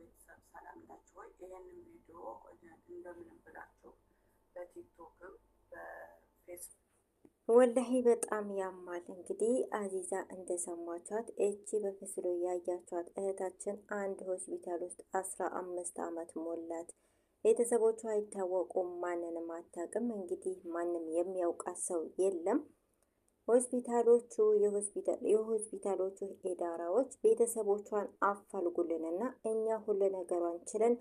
ቤተሰብ ሰላም ናችሁ ወይ? ይህንን ቪዲዮ እንደምንም ብላችሁ በቲክቶክም በፌስቡክ ወላሂ በጣም ያማል። እንግዲህ አዚዛ እንደሰማችኋት እቺ በምስሉ ያያችኋት እህታችን አንድ ሆስፒታል ውስጥ አስራ አምስት አመት ሞላት። ቤተሰቦቿ አይታወቁም፣ ማንንም አታውቅም። እንግዲህ ማንም የሚያውቃት ሰው የለም። ሆስፒታሎቹ የሆስፒታሎቹ ኢዳራዎች ቤተሰቦቿን አፋልጉልንና እኛ ሁሉ ነገሯን ችለን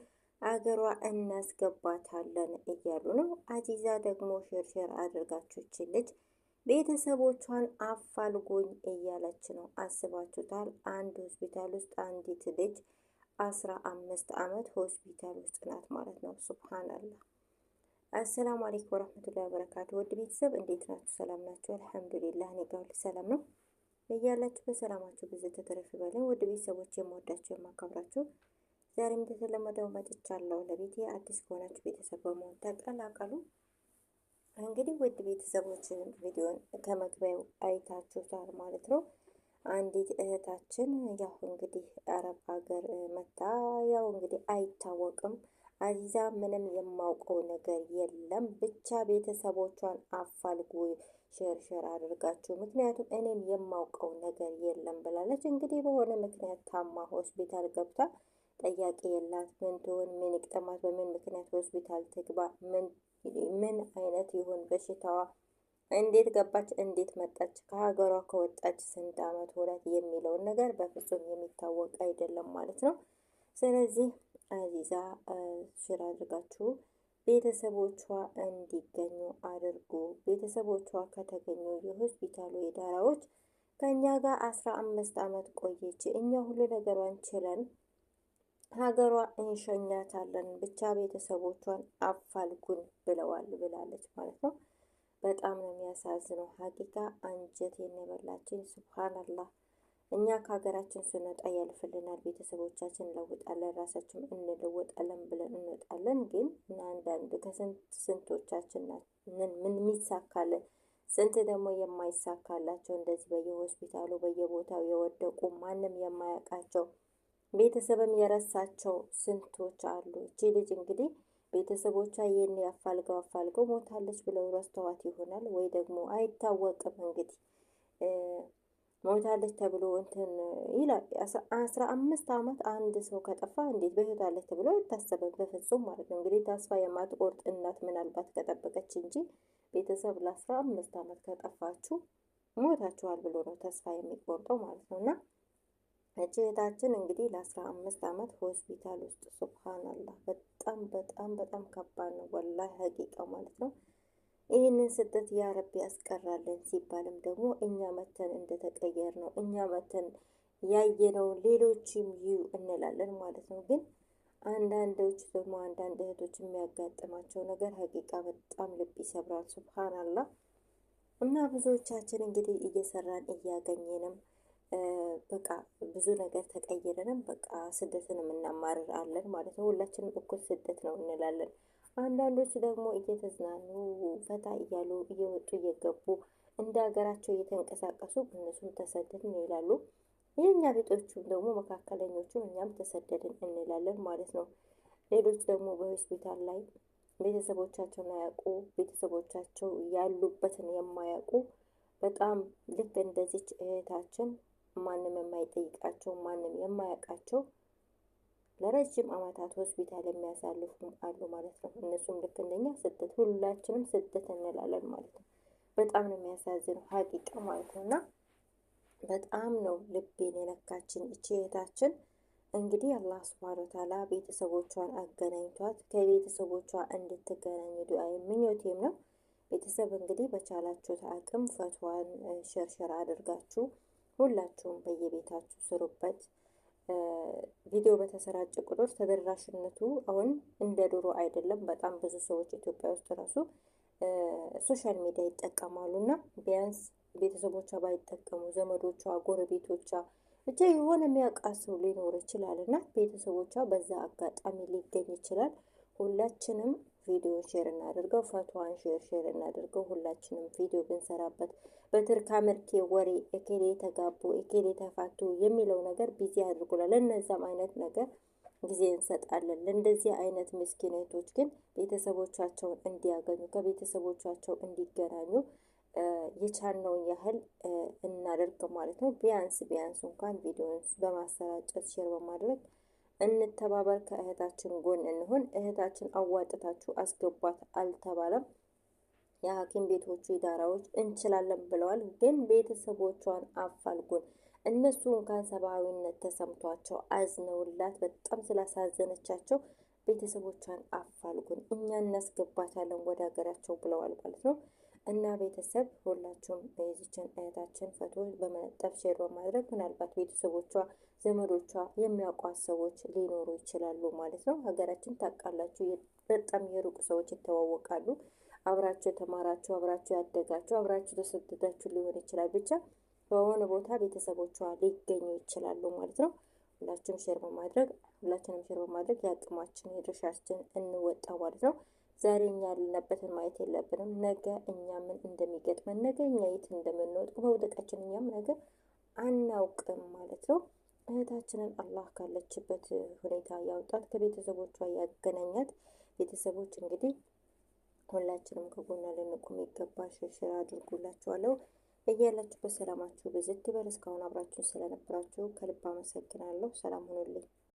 አገሯ እናስገባታለን እያሉ ነው። አዚዛ ደግሞ ሽርሽር አድርጋችሁችን ልጅ ቤተሰቦቿን አፋልጉኝ እያለች ነው። አስባችሁታል? አንድ ሆስፒታል ውስጥ አንዲት ልጅ አስራ አምስት አመት ሆስፒታል ውስጥ ናት ማለት ነው። ሱብሃናላህ አሰላሙ አሌይኩም ወረህመቱላሂ ወበረካቱ። ውድ ቤተሰብ እንዴት ናችሁ? ሰላም ናችሁ? አልሐምዱሊላህ እኔ ጋር ሁሉ ሰላም ነው። እያላችሁ በሰላማችሁ ብዙ ተተረፍ ይበለን። ውድ ቤተሰቦች የምወዳችሁ የማከብራችሁ፣ ዛሬም እንደተለመደው መጥቻለሁ። ለቤቴ አዲስ ከሆናችሁ ቤተሰብ በመሆን ተቀላቀሉ። እንግዲህ ውድ ቤተሰቦችን ቪዲዮን ከመግቢያው አይታችሁታል ማለት ነው። አንዲት እህታችን ያው እንግዲህ አረብ ሀገር መታ ያው እንግዲህ አይታወቅም አዚዛ ምንም የማውቀው ነገር የለም። ብቻ ቤተሰቦቿን አፋልጉ ሸርሸር አድርጋችሁ፣ ምክንያቱም እኔም የማውቀው ነገር የለም ብላለች። እንግዲህ በሆነ ምክንያት ታማ ሆስፒታል ገብታ ጠያቂ የላት ምን ትሆን፣ ምን ይቅጠማት፣ በምን ምክንያት ሆስፒታል ትግባ፣ ምን አይነት ይሆን በሽታዋ፣ እንዴት ገባች፣ እንዴት መጣች፣ ከሀገሯ ከወጣች ስንት ዓመት ሆናት የሚለውን ነገር በፍጹም የሚታወቅ አይደለም ማለት ነው። ስለዚህ አዚዛ ሽር አድርጋችሁ ቤተሰቦቿ እንዲገኙ አድርጉ። ቤተሰቦቿ ከተገኙ የሆስፒታሉ የዳራዎች ከእኛ ጋር አስራ አምስት ዓመት ቆየች። እኛ ሁሉ ነገሯን ችለን ሀገሯ እንሸኛታለን፣ ብቻ ቤተሰቦቿን አፋልጉን ብለዋል ብላለች ማለት ነው። በጣም ነው የሚያሳዝነው። ሀቂቃ አንጀት የነበላችን ሱብሃነላህ እኛ ከሀገራችን ስንወጣ ያልፍልናል፣ ቤተሰቦቻችን እንለውጣለን፣ ራሳችን እንለወጣለን ብለን እንወጣለን። ግን አንዳንድ ከስንት ስንቶቻችን ምን ምን ስንት ደግሞ የማይሳካላቸው እንደዚህ በየሆስፒታሉ በየቦታው የወደቁ ማንም የማያውቃቸው ቤተሰብም የረሳቸው ስንቶች አሉ። እቺ ልጅ እንግዲህ ቤተሰቦቿ ይህን ያፋልገው አፋልገው ሞታለች ብለው ረስተዋት ይሆናል ወይ ደግሞ አይታወቅም እንግዲህ ሞታለች ተብሎ እንትን ይላል። አስራ አምስት ዓመት አንድ ሰው ከጠፋ እንዴት በህይወታለች ተብሎ አይታሰብም በፍጹም ማለት ነው። እንግዲህ ተስፋ የማትቆርጥ እናት ምናልባት ከጠበቀች እንጂ ቤተሰብ ለአስራ አምስት ዓመት ከጠፋችሁ ሞታችኋል ብሎ ነው ተስፋ የሚቆርጠው ማለት ነው። እና እህታችን እንግዲህ ለአስራ አምስት ዓመት ሆስፒታል ውስጥ ሱብሃን አላ በጣም በጣም በጣም ከባድ ነው። ወላሂ ሀቂቃ ማለት ነው። ይህንን ስደት ያረብ ያስቀራለን ሲባልም ደግሞ እኛ መተን እንደተቀየር ነው እኛ መተን ነው ሌሎችም ይዩ እንላለን ማለት ነው። ግን አንዳንዶች ደግሞ አንዳንድ እህቶች የሚያጋጥማቸው ነገር ሀቂቃ በጣም ልብ ይሰብራል። ሱብሃናላ እና ብዙዎቻችን እንግዲህ እየሰራን እያገኘንም በቃ ብዙ ነገር ተቀይረንም በቃ ስደትንም የምናማርር አለን ማለት ነው። ሁላችንም እኩል ስደት ነው እንላለን። አንዳንዶች ደግሞ እየተዝናኑ ፈታ እያሉ እየወጡ እየገቡ እንደ ሀገራቸው እየተንቀሳቀሱ እነሱም ተሰደድን ይላሉ። የእኛ ቤቶቹም ደግሞ መካከለኞቹ እኛም ተሰደድን እንላለን ማለት ነው። ሌሎች ደግሞ በሆስፒታል ላይ ቤተሰቦቻቸውን አያውቁ ቤተሰቦቻቸው ያሉበትን የማያውቁ በጣም ልክ እንደዚች እህታችን ማንም የማይጠይቃቸው ማንም የማያውቃቸው ለረጅም ዓመታት ሆስፒታል የሚያሳልፉ አሉ ማለት ነው። እነሱም ልክ እንደኛ ስደት ሁላችንም ስደት እንላለን ማለት ነው። በጣም ነው የሚያሳዝነው ሀቂቃ ማለት ነው። እና በጣም ነው ልቤን የነካችን እቺ እህታችን እንግዲህ አላህ ስብሃነሁ ወተዓላ ቤተሰቦቿን አገናኝቷት ከቤተሰቦቿ እንድትገናኝ ዱዓዬ ምኞቴም ነው። ቤተሰብ እንግዲህ በቻላችሁት አቅም ፈትዋን ሸርሸር አድርጋችሁ ሁላችሁም በየቤታችሁ ስሩበት። ቪዲዮ በተሰራጨ ቁጥር ተደራሽነቱ አሁን እንደ ድሮ አይደለም። በጣም ብዙ ሰዎች ኢትዮጵያ ውስጥ ራሱ ሶሻል ሚዲያ ይጠቀማሉ እና ቢያንስ ቤተሰቦቿ ባይጠቀሙ ዘመዶቿ፣ ጎረቤቶቿ ብቻ የሆነ የሚያውቃ ሰው ሊኖር ይችላል እና ቤተሰቦቿ በዛ አጋጣሚ ሊገኝ ይችላል ሁላችንም ቪዲዮ ሼር እናደርገው፣ ፈቷን ሼር ሼር እናደርገው። ሁላችንም ቪዲዮ ብንሰራበት በትርካ ምርኬ ወሬ እኬሌ ተጋቡ እኬሌ ተፋቱ የሚለው ነገር ቢዚ አድርጎላል እነዛም አይነት ነገር ጊዜ እንሰጣለን። ለእንደዚህ አይነት ምስኪኖች ግን ቤተሰቦቻቸውን እንዲያገኙ ከቤተሰቦቻቸው እንዲገናኙ የቻልነውን ያህል እናደርግ ማለት ነው። ቢያንስ ቢያንስ እንኳን ቪዲዮን በማሰራጨት ሼር በማድረግ እንተባበር፣ ከእህታችን ጎን እንሆን፣ እህታችን አዋጥታችሁ አስገቧት አልተባለም። የሐኪም ቤቶቹ ኢዳራዎች እንችላለን ብለዋል። ግን ቤተሰቦቿን አፋልጉን። እነሱ እንኳን ሰብአዊነት ተሰምቷቸው አዝነውላት በጣም ስላሳዘነቻቸው ቤተሰቦቿን አፋልጉን፣ እኛ እናስገባታለን ወደ ሀገራቸው ብለዋል ማለት ነው። እና ቤተሰብ ሁላችሁም በይዝችን እህታችን ፎቶ በመለጠፍ ሼር በማድረግ ምናልባት ቤተሰቦቿ ዘመዶቿ የሚያውቋት ሰዎች ሊኖሩ ይችላሉ ማለት ነው። ሀገራችን ታውቃላችሁ፣ በጣም የሩቅ ሰዎች ይተዋወቃሉ። አብራችሁ የተማራችሁ አብራችሁ ያደጋችሁ አብራችሁ ተሰደዳችሁ ሊሆን ይችላል። ብቻ በሆነ ቦታ ቤተሰቦቿ ሊገኙ ይችላሉ ማለት ነው። ሁላችሁም ሼር በማድረግ ሁላችንም ሼር በማድረግ የአቅማችን የድርሻችን እንወጣ ማለት ነው። ዛሬ እኛ ያለንበትን ማየት የለብንም። ነገ እኛ ምን እንደሚገጥመን፣ ነገ እኛ የት እንደምንወድቅ መውደቃችን እኛም ነገ አናውቅም ማለት ነው። እህታችንን አላህ ካለችበት ሁኔታ ያውጣት፣ ከቤተሰቦቿ ያገናኛት። ቤተሰቦች እንግዲህ ሁላችንም ከጎኗ ልንቆም ይገባል። ሽርሽር አድርጉላችኋለሁ እያላችሁ በሰላማችሁ ብዝት ይበል። እስካሁን አብራችሁን ስለነበራችሁ ከልብ አመሰግናለሁ። ሰላም ሁኑልኝ።